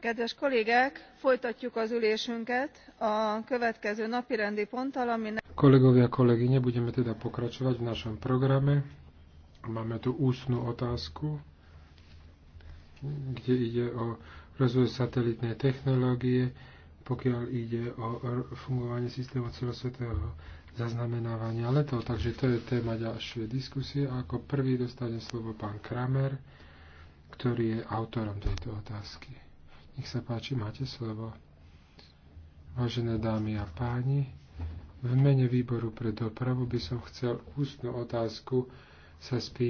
kedves kollégák folytatjuk az ülésünket a következő napirendi ponttal aminek. kolegovia kolegyne budeme teda pokračovať v našom programe máme tu ústnu otázku kde ide o rozvoj satelitnej technológie pokiaľ ide o fungovanie systému celosvetového zaznamenávania letov. Takže to je téma ďalšej diskusie. A ako prvý dostane slovo pán Kramer, ktorý je autorom tejto otázky. Nech sa páči, máte slovo. Vážené dámy a páni, v mene výboru pre dopravu by som chcel ústnu otázku sa spýtať.